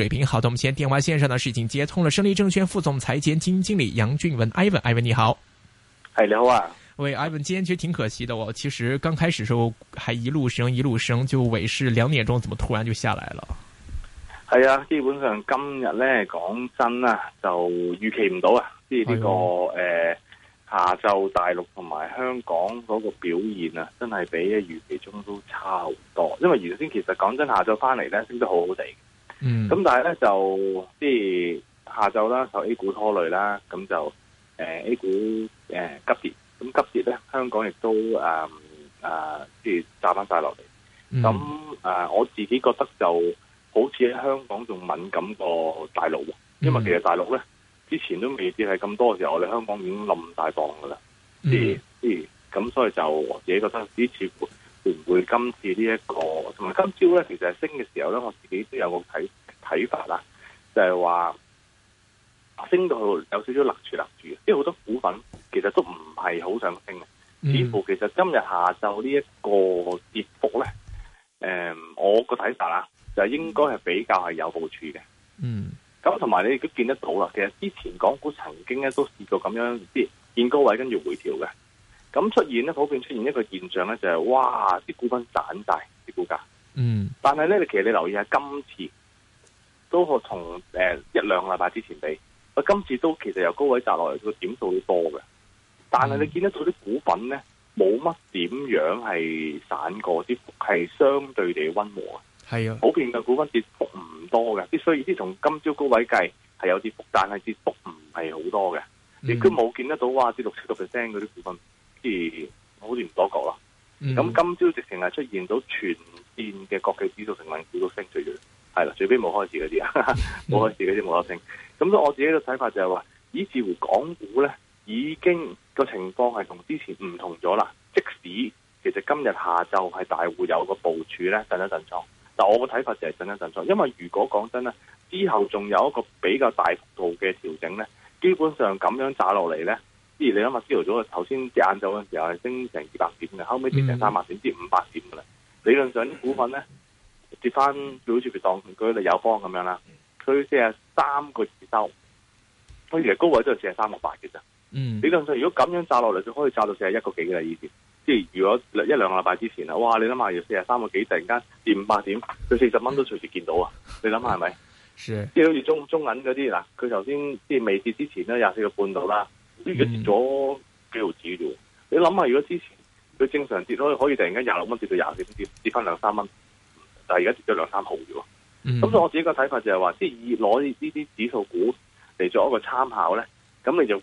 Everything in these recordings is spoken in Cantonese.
水平好的，咁我們先電話線上呢，是已經接通了勝利證券副總裁兼基金經理楊俊文，Ivan，Ivan 你 Ivan, 好，係你好啊，喂，Ivan，今天其實挺可惜的、哦，我其實剛開始的時候還一路升一路升，就尾市兩點鐘，怎麼突然就下來了？係啊，基本上今日咧，講真啊，就預期唔到啊，即係呢個誒、哎呦呃、下晝大陸同埋香港嗰個表現啊，真係比預期中都差好多，因為原先其實講真下晝翻嚟咧升得好好地的。嗯，咁但係咧就即係下晝啦，受 A 股拖累啦，咁就誒、呃、A 股誒、呃、急跌，咁急跌咧，香港亦都誒誒即係炸翻晒落嚟。咁誒、嗯嗯呃，我自己覺得就好似喺香港仲敏感過大陸，因為其實大陸咧之前都未跌係咁多嘅時候，我哋香港已經冧大房噶啦，即係即係咁，所以,所以就我自己覺得呢似乎。會唔會今次、這個、今呢一個同埋今朝咧，其實係升嘅時候咧，我自己都有個睇睇法啦，就係、是、話升到去有少少勒住勒住。因為好多股份其實都唔係好想升嘅。似、嗯、乎其實今日下晝呢一個跌幅咧，誒、嗯，我個睇法啦，就係應該係比較係有好處嘅。嗯，咁同埋你亦都見得到啦，其實之前港股曾經咧都試過咁樣，即係見高位跟住回調嘅。咁出現咧，普遍出現一個現象咧、就是，就係哇，啲股份散晒，啲股價。嗯。但係咧，你其實你留意下今次都可同誒一兩個禮拜之前比，今次都其實由高位砸落嚟，個點數都多嘅。但係你見得到啲股份咧，冇乜點樣係散過，啲幅係相對地溫和。係啊，普遍嘅股份跌幅唔多嘅，啲雖然啲從今朝高位計係有啲幅，但係跌幅唔係好多嘅。亦都冇見得到哇，跌六七個 percent 嗰啲股份。啲好似唔多講咯，咁、mm hmm. 今朝直情係出現到全線嘅國企指數成分股都升咗，係啦，最屘冇開市嗰啲啊，冇 開市嗰啲冇得升。咁所以我自己嘅睇法就係話，以至乎港股咧，已經個情況係同之前唔同咗啦。即使其實今日下晝係大戶有個部署咧，震一震倉，但我嘅睇法就係震一震倉。因為如果講真咧，之後仲有一個比較大幅度嘅調整咧，基本上咁樣炸落嚟咧。即係你諗下朝頭早啊？頭先接晏晝嗰陣時候係升成二百點嘅，後尾跌成三百點，嗯、至五百點噶啦。理論上啲股份咧跌翻，好似佢當佢利友邦咁樣啦，佢四啊三個字收，佢其實高位都係四啊三個八嘅咋？嗯、理論上，如果咁樣炸落嚟，佢可以炸到四啊一個幾嘅啦。以前即係如果一兩個禮拜之前啦，哇！你諗下要四啊三個幾，突然間跌五百點，佢四十蚊都隨時見到啊！嗯、你諗下係咪？是即係好似中中銀嗰啲嗱，佢頭先即係未跌之前咧，廿四個半度啦。呢個、嗯、跌咗幾毫子嘅，你諗下，如果之前佢正常跌都可以突然間廿六蚊跌到廿四蚊跌，跌翻兩三蚊，但係而家跌咗兩三毫嘅，咁、嗯、所以我自己個睇法就係話，即係以攞呢啲指數股嚟做一個參考咧，咁你就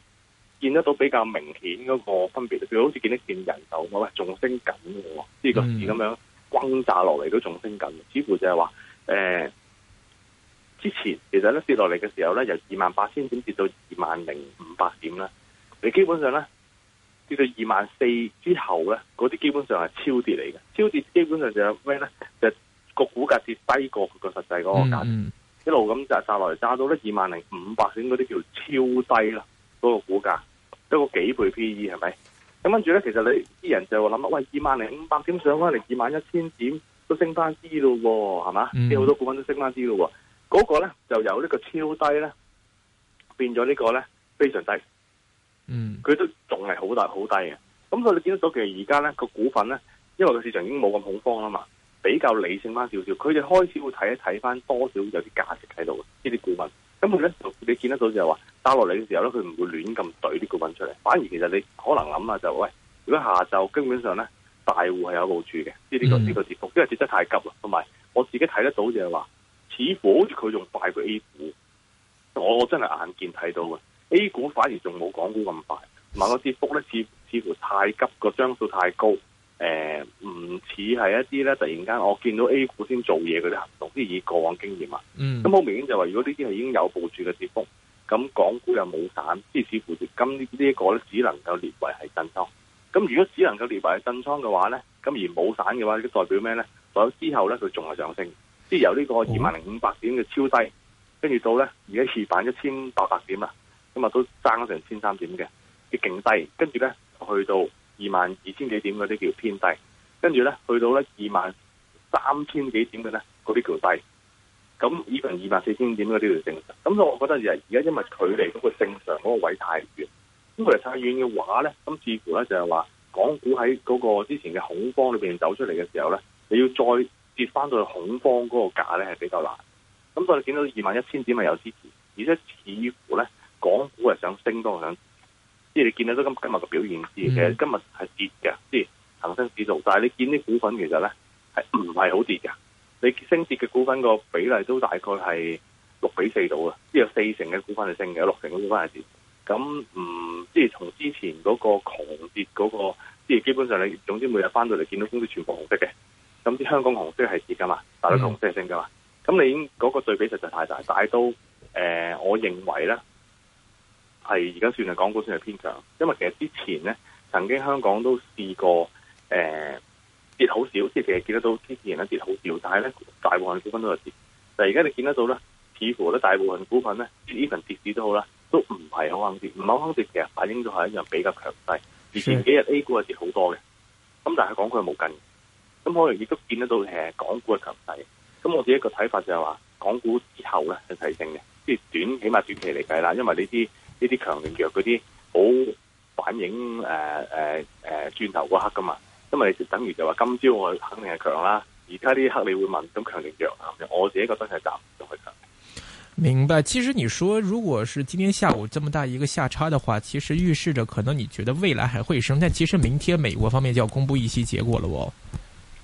見得到比較明顯嗰個分別，譬如好似見得見人手，我喂仲升緊嘅、啊，呢、就是、個市咁樣轟炸落嚟都仲升緊、啊，嗯、似乎就係話，誒、呃，之前其實咧跌落嚟嘅時候咧，由二萬八千點跌到二萬零五百點咧。你基本上咧，跌到二萬四之後咧，嗰啲基本上係超跌嚟嘅。超跌基本上就係咩咧？就個、係、股價跌低過佢個實際嗰個價，mm hmm. 一路咁就揸落嚟揸到咧二萬零五百點嗰啲叫超低啦。嗰、嗰個股價一個幾倍 P E 係咪？咁跟住咧，其實你啲人就諗啦，喂，二萬零五百點上翻嚟二萬一千點都升翻啲咯，係嘛？即係好、mm hmm. 多股份都升翻啲咯，嗰、嗰個咧就由呢個超低咧變咗呢個咧非常低。嗯，嗯很很，佢都仲係好大好低嘅，咁所以你見得到其實而家咧個股份咧，因為個市場已經冇咁恐慌啦嘛，比較理性翻少少，佢哋開始會睇一睇翻多少有啲價值喺度嘅呢啲股份，咁佢咧你見得到就係話打落嚟嘅時候咧，佢唔會亂咁懟啲股份出嚟，反而其實你可能諗下、啊、就喂，如果下晝基本上咧大戶係有部署嘅呢啲呢個跌幅，因為跌得太急啦，同埋我自己睇得到就係話，似乎好似佢仲快過 A 股，我真係眼見睇到嘅。A 股反而仲冇港股咁快，嗱，個跌幅咧，似乎似乎太急個張數太高，誒唔似係一啲咧，突然間我見到 A 股先做嘢，佢哋行動，即係以過往經驗啊，咁好、mm. 明顯就話，如果呢啲係已經有部署嘅跌幅，咁港股又冇散，即係似乎是今呢呢一個咧，只能夠列為係震倉。咁如果只能夠列為係震倉嘅話咧，咁而冇散嘅話，代表咩咧？咁之後咧，佢仲係上升，即係由呢個二萬零五百點嘅超低，跟住到咧而家二萬一千八百點啊。今日都爭咗成千三點嘅，啲勁低，跟住咧去到二萬二千幾點嗰啲叫偏低，跟住咧去到咧二萬三千幾點嘅咧，嗰啲叫低。咁以平二萬四千點嗰啲叫正常。咁我我覺得而家因為距離嗰個正常嗰個位太遠，咁佢嚟太遠嘅話咧，咁似乎咧就係話港股喺嗰個之前嘅恐慌裏邊走出嚟嘅時候咧，你要再跌翻到去恐慌嗰個價咧係比較難。咁我哋見到二萬一千點咪有支持，而且似乎咧。港股係想升多，我想即係你見到都今今日嘅表現是，其實今日係跌嘅，即係恆生指數。但係你見啲股份其實咧係唔係好跌嘅，你升跌嘅股份個比例都大概係六比四到啊，即係有四成嘅股份係升嘅，有六成嘅股份係跌。咁唔、嗯、即係從之前嗰個狂跌嗰、那個，即係基本上你總之每日翻到嚟見到公司全部紅色嘅，咁啲香港紅色係跌噶嘛，大陸紅色係升噶嘛，咁你已經嗰、那個對比實在太大，但係都誒、呃，我認為咧。係而家算係港股算係偏強，因為其實之前咧，曾經香港都試過誒、呃、跌好少，即係其實見得到之前咧跌好少，但係咧大，大部分股份都有跌。但係而家你見得到咧，似乎咧大部分股份咧，even 跌市都好啦，都唔係好肯跌，唔係好肯跌，其實反映咗係一樣比較強勢。而前幾日 A 股係跌好多嘅，咁但係港股係冇近的，咁可能亦都見得到誒港股嘅強勢。咁我自己一個睇法就係話，港股之後咧係提升嘅，即係短起碼短期嚟計啦，因為呢啲。呢啲強定弱嗰啲好反映誒誒誒轉頭嗰刻噶嘛，因為你就等於就話今朝我肯定係強啦，而家呢一刻你會問咁強定弱，我自己覺得係答唔到去噶。明白，其實你說，如果是今天下午這麼大一個下差嘅話，其實預示着可能你覺得未來還會升，但其實明天美國方面就要公布議息結果了。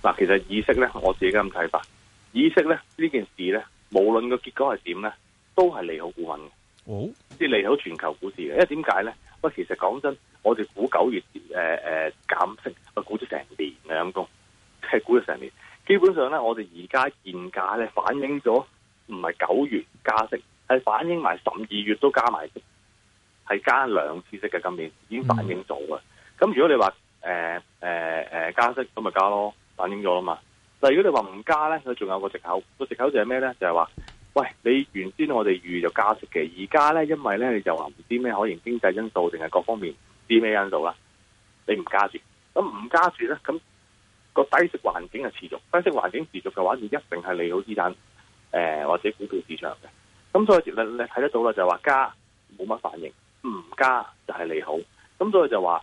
嗱，其實議息咧，我自己咁睇法，議息咧呢這件事咧，無論個結果係點咧，都係利好股民嘅。哦，即係利好全球股市嘅，因為點解咧？喂，其實講真，我哋估九月誒誒減息，我、呃、估咗成年兩公，係、就是、估咗成年。基本上咧，我哋而家現價咧反映咗唔係九月加息，係反映埋十二月都加埋，係加兩次息嘅。今年已經反映咗嘅。咁、嗯、如果你話誒誒誒加息，咁咪加咯，反映咗啦嘛。但係如果你話唔加咧，佢仲有一個借口。個借口就係咩咧？就係話。喂，你原先我哋預咗加息嘅，而家咧因為咧你就話唔知咩，可能經濟因素定係各方面唔知咩因素啦，你唔加住，咁唔加住咧，咁、個低息環境係持續，低息環境持續嘅話，就一定係利好資產，誒、呃、或者股票市場嘅。咁所以你你睇得到啦，就係話加冇乜反應，唔加就係利好。咁所以就話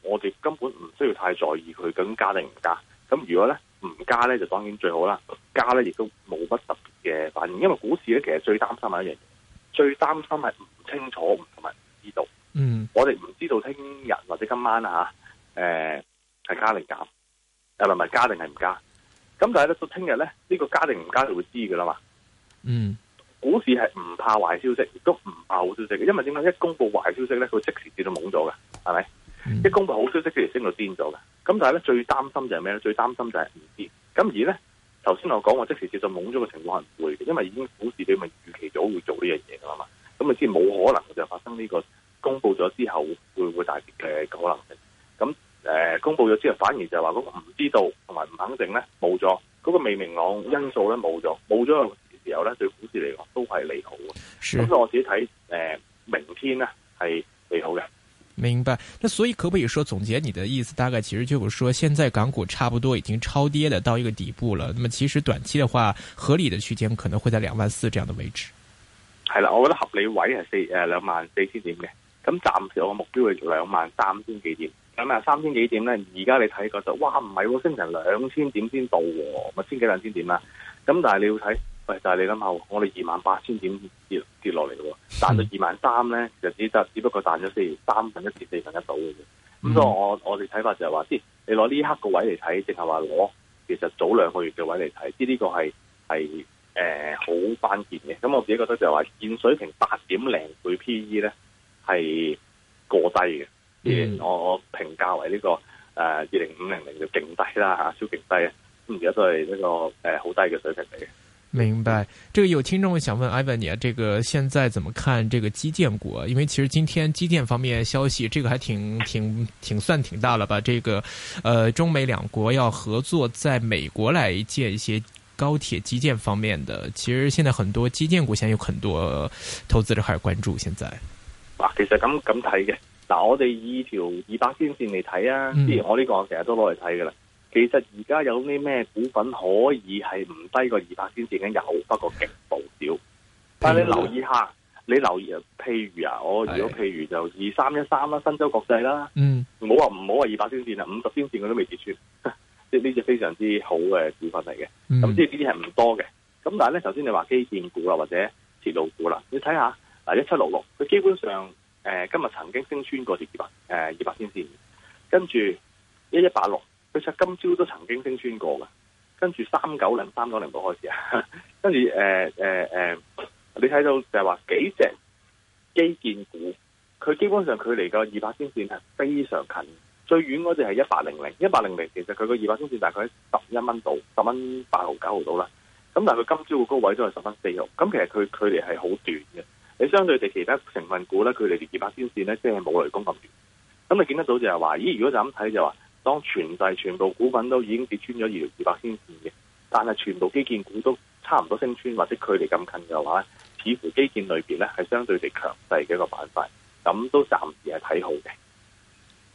我哋根本唔需要太在意佢咁加定唔加。咁如果咧？唔加咧就當然最好啦，加咧亦都冇乜特別嘅反應，因為股市咧其實最擔心係一樣嘢，最擔心係唔清楚同埋唔知道。嗯，我哋唔知道聽日或者今晚啊，誒、呃、係加定減，又係咪加定係唔加。咁但係咧到聽日咧呢個加定唔加就會知噶啦嘛。嗯，股市係唔怕壞消息，亦都唔怕好消息嘅，因為點解一公布壞消息咧，佢即時跌到懵咗噶，係咪？嗯、一公布好消息，佢哋升到癲咗噶。咁但係咧最擔心就係咩咧？最擔心就係唔知。咁而咧，頭先我講我即時接受懵咗嘅情況係唔會嘅，因為已經股市你咪預期咗會做呢樣嘢噶嘛。咁你知冇可能就發生呢、這個公布咗之後會唔會大跌嘅可能性。咁誒、呃，公布咗之後反而就係話嗰個唔知道同埋唔肯定咧冇咗，嗰、那個未明朗因素咧冇咗，冇咗嘅時候咧對股市嚟講都係利好嘅。咁所以 Sure. 我自己睇誒、呃，明天咧係利好嘅。明白，那所以可唔可以說總結你的意思，大概其實就是說，現在港股差不多已經超跌的到一個底部了。那麼其實短期的話，合理的區間可能會在兩萬四這樣的位置。係啦，我覺得合理位係四誒兩萬四千點嘅，咁暫時我嘅目標係兩萬三千幾點，兩萬三千幾點呢而家你睇覺得哇唔係喎，升成兩千點先到，啊，咪千幾兩千點啦？咁但係你要睇。喂，但係你諗下，我哋二萬八千點跌跌落嚟，跌到二萬三咧，就只就只不過賺咗四三分一至四分一到嘅啫。咁所以我我哋睇法就係話，先你攞呢刻個位嚟睇，定係話攞其實早兩個月嘅位嚟睇？即、這、呢個係係誒好關鍵嘅。咁、呃、我自己覺得就係話，現水平八點零倍 P E 咧係過低嘅。Yeah. 我我評價為呢、這個誒二零五零零就勁低啦，吓超勁低。咁而家都係呢個誒好、呃、低嘅水平嚟嘅。明白，這個有聽眾想問 Ivan，你、啊、這個現在怎麼看這個基建股？因為其實今天基建方面消息，這個還挺、挺、挺算挺大了吧？這個，呃，中美兩國要合作在美國來建一些高鐵基建方面的，其實現在很多基建股現在有很多投資者開始關注現在。啊，其實咁咁睇嘅，嗱我哋以條二百天線嚟睇啊，譬、嗯、如我呢個我成日都攞嚟睇㗎喇。其實而家有啲咩股份可以係唔低過二百先線嘅有，不過極度少。但係你留意一下，你留意譬如啊，我如果譬如就二三一三啦、新洲國際啦，嗯，我話唔好話二百先線啦，五十先線佢都未跌穿，即係呢隻非常之好嘅股份嚟嘅。咁即係呢啲係唔多嘅。咁但係咧，首先你話基建股啦，或者鐵路股啦，你睇下嗱，一七六六，佢基本上誒、呃、今日曾經升穿過二百誒二百先線，跟住一一八六。佢其實今朝都曾經升穿過嘅，跟住三九零、三九零度開始啊，跟住誒誒誒，你睇到就係話幾隻基建股，佢基本上佢離個二百天線係非常近，最遠嗰隻係一百零零，一百零零其實佢個二百天線大概喺十一蚊度、十蚊八毫九毫度啦。咁但係佢今朝嘅高位都係十蚊四毫，咁其實佢距離係好短嘅。你相對地，其他成分股咧，佢離啲二百天線咧，即係冇雷公咁遠。咁你見得到就係話，咦？如果就咁睇就話。當全世全部股份都已經跌穿咗二二百天線嘅，但係全部基建股都差唔多升穿或者距離咁近嘅話，似乎基建裏邊咧係相對地強勢嘅一個板塊，咁都暫時係睇好嘅。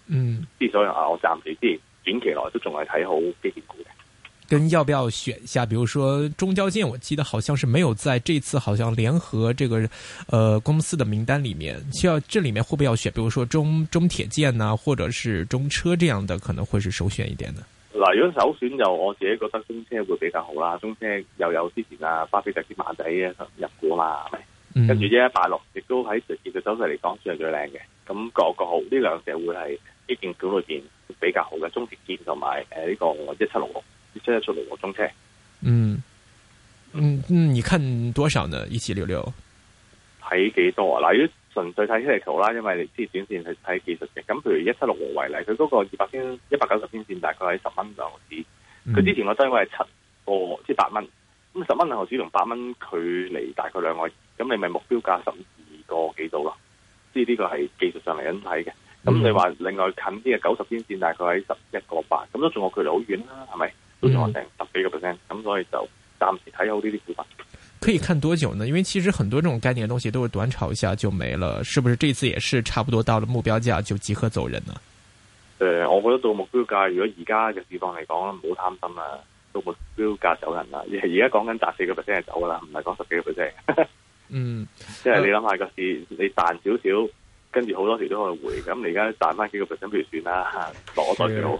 嗯，之所以啊，我暫時先短期內都仲係睇好基建股嘅。跟要不要選一下，比如說中交建，我記得好像是沒有在這次好像聯合這個，呃公司的名單裏面，需要這裏面會不會要選，比如說中中鐵建啊，或者是中車這樣的可能會是首選一點呢嗱？如果首選就我自己覺得中車會比較好啦，中車又有之前啊巴菲特啲馬仔入股啊，係、嗯、跟住一一八六亦都喺實際嘅走勢嚟講算係最靚嘅，咁、那、嗰、個、個好呢兩者會係基建股裏邊比較好嘅，中鐵建同埋誒呢個一七六六。即係出嚟中車，嗯，嗯嗯，你看多少呢？一七六六睇幾多嗱？如純粹睇出嚟圖啦，因為你知短線係睇技術嘅。咁譬如一七六六為例，佢嗰個二百天一百九十天線大概喺十蚊兩毫紙。佢、嗯、之前我低位係七個即係八蚊，咁十蚊兩毫紙同八蚊距離大概兩個，咁你咪目標價十二個幾度咯？即係呢個係技術上嚟緊睇嘅。咁你話另外近啲嘅九十天線大概喺十一個八，咁都仲有距離好遠啦，係咪？都剩十幾個 percent，咁、嗯、所以就暫時睇好呢啲股份。可以看多久呢？因為其實很多這種概念嘅東西都會短炒一下就沒了，是不是？這次也是差不多到了目標價就即刻走人呢？誒、呃，我覺得到目標價，如果而家嘅市況嚟講，唔好貪心啦，到目標價走人啦。而家講緊賺四個 percent 係走噶啦，唔係講十幾個 percent。 嗯，即係你諗、嗯、下個市，嗯、你賺少少，跟住好多時都可以回。咁你而家賺翻幾個 percent，譬如算啦，躲袋最好。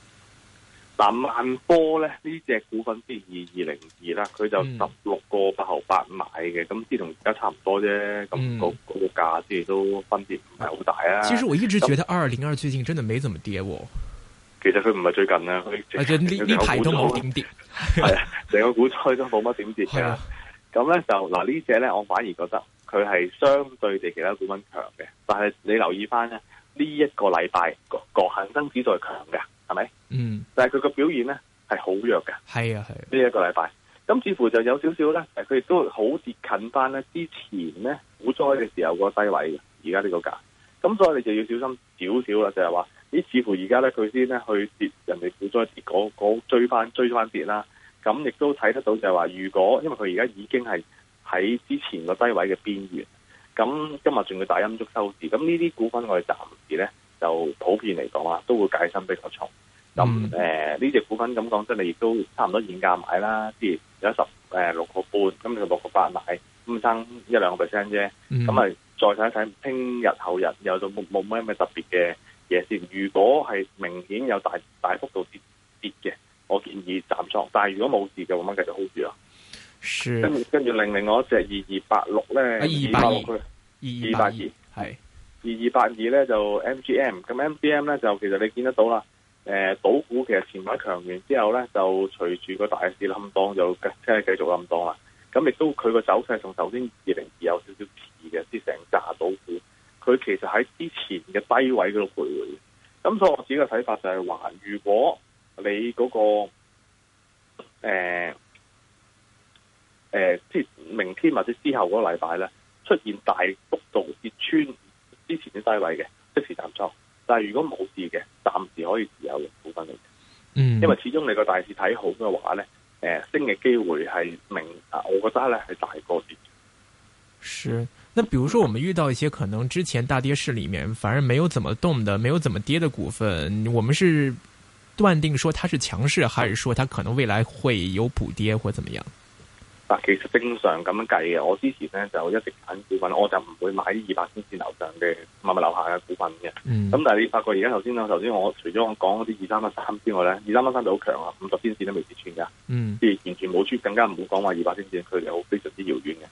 嗱萬科咧，呢隻股份即係二二零二啦，佢就十六個八毫八買嘅，咁即同而家差唔多啫。咁個個價即都分別唔係好大啊，啊。其實我一直覺得二二零二最近真係沒怎麼跌。其實佢唔係最近呀，佢成個股都冇點跌，係啊，成個股災、啊、都冇乜點跌嘅。咁咧就嗱呢隻咧，我反而覺得佢係相對地其他股份強嘅。但係你留意翻咧，呢、這、一個禮拜各恒生指數強強嘅。係咪？是嗯，但係佢個表現咧係好弱嘅。係啊，係呢一個禮拜，咁似乎就有少少咧，誒，佢亦都好接近翻咧，之前咧股災嘅時候個低位嘅，而家呢個價，咁所以你就要小心少少，就是，啦，就係話呢，似乎而家咧佢先咧去跌，人哋股災跌嗰追翻追翻跌啦，咁亦都睇得到就係話，如果因為佢而家已經係喺之前個低位嘅邊緣，咁今日仲要大陰燭收市，咁呢啲股份我哋暫時咧。就普遍嚟講啊，都會戒心比較重。咁誒，呢隻股份咁講，真係亦都差唔多現價買啦。即係有十誒六個半，今日六個八買，咁生 1,、嗯、看一兩個 percent 啫。咁啊，再睇一睇，聽日後日又有咗冇冇咩嘢特別嘅嘢先。如果係明顯有大大幅度跌跌嘅，我建議斬倉。但係如果冇事嘅，咁樣繼續 hold 住咯。跟跟住另另外一隻二二八六咧，二八二二二八二係。二二八二咧就 MGM，咁 MGM 咧就其實你見得到啦，誒賭股其實前排強完之後咧，就隨住個大市冧當，就即係繼續冧當啦。咁亦都佢個走勢同頭先二零二有少少似嘅，啲成炸賭股，佢其實喺之前嘅低位嗰度徘徊嘅。咁所以我自己嘅睇法就係話，如果你嗰個誒誒，即係明天或者之後嗰個禮拜咧出現大幅度跌穿之前啲低位嘅，即時暫倉，但係如果冇事嘅，暫時可以持有嘅股份嚟。嗯，因為始終你個大市睇好嘅話咧，誒、呃、升嘅機會係明，我覺得咧係大過啲。是，那比如說，我們遇到一些可能之前大跌市裏面反而沒有怎麼動的，沒有怎麼跌的股份，我們是斷定說它是強勢，還是說它可能未來會有補跌或怎麼樣？嗱，其實正常咁樣計嘅，我之前咧就一直揀股份，我就唔會買二百天線樓上嘅物物樓下嘅股份嘅。咁、嗯、但係你發覺而家頭先啊，頭先我除咗我講嗰啲二三一三之外咧，二三一三就好強啊，五十天線都未跌穿噶，即係、嗯、完全冇出，更加唔好講話二百天線，佢好非常之遙遠嘅。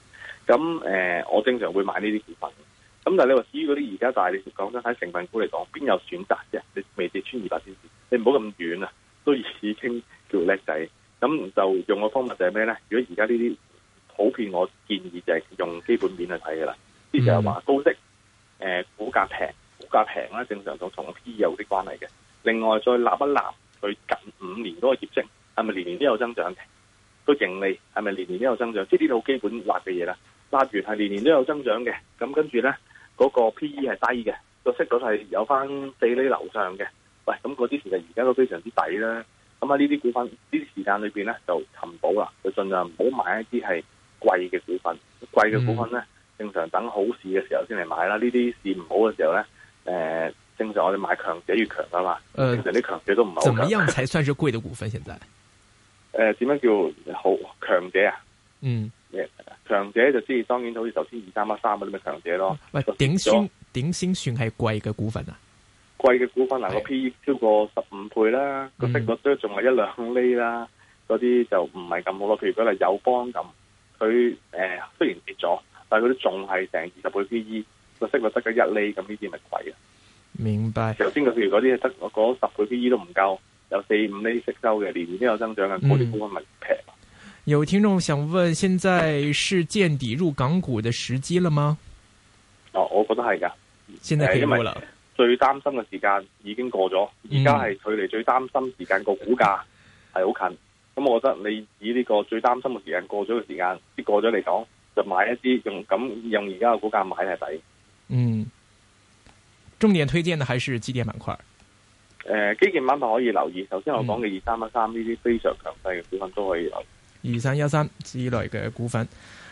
咁誒、呃，我正常會買呢啲股份嘅。咁但係你話至於嗰啲而家，大，你講真喺成分股嚟講，邊有選擇啫？你未跌穿二百天線，你唔好咁遠啊，都已經叫叻仔。咁就用個方法就係咩？咧，如果而家呢啲普遍，我建議就係用基本面去睇噶啦。即係話高息，誒股價平，股價平啦，正常同同 P E 有啲關係嘅。另外再立一立，佢近五年嗰個業績係咪年年都有增長？個盈利係咪年年都有增長？呢啲好基本立嘅嘢啦，立完係年年都有增長嘅。咁跟住咧，嗰個 P E 係低嘅，個息率係有翻四厘樓上嘅。喂，咁嗰啲其實而家都非常之抵啦。咁啊！呢啲股，股，股份呢啲時間裏邊咧就尋寶啦，佢盡量唔好買一啲係貴嘅股份，貴嘅股份咧正常等好市嘅時候先嚟買啦。呢啲市唔好嘅時候咧，誒，正常我哋買強者越強噶嘛。誒，啲強者都唔好、呃。怎麼樣才算是貴的股份？現在誒，點樣、呃、叫好強者啊？嗯，強者就知，當然就好似頭、呃呃、先二三一三嗰啲咪強者咯。喂，點先點先算係貴嘅股份啊？貴嘅股份能夠、那個、P e 超過十五倍啦，個的息率都仲係一兩厘啦，嗰啲、嗯、就唔係咁好咯。譬如嗰個友邦咁，佢誒、呃、雖然跌咗，但係佢都仲係成二十倍 P E，個息率得咗一厘，咁呢啲咪貴啊？明白。頭先嘅譬如嗰啲得嗰十倍 P E 都唔夠，有四五厘息收嘅，年年都有增長嘅，嗰啲股份咪平、嗯。有聽眾想問：現在是見底入港股嘅時機了嗎？哦，我覺得係噶，現在最擔心嘅時間已經過咗，而家係距離最擔心時間個股價係好近，咁我覺得你以呢個最擔心嘅時間過咗嘅時間，即過咗嚟講，就買一啲用咁用而家嘅股價買係抵。嗯，重點推薦的還是基建板塊。誒、呃，基建板塊可以留意，頭先我講嘅二三一三呢啲非常強勢嘅股份都可以留意，二三一三之類嘅股份。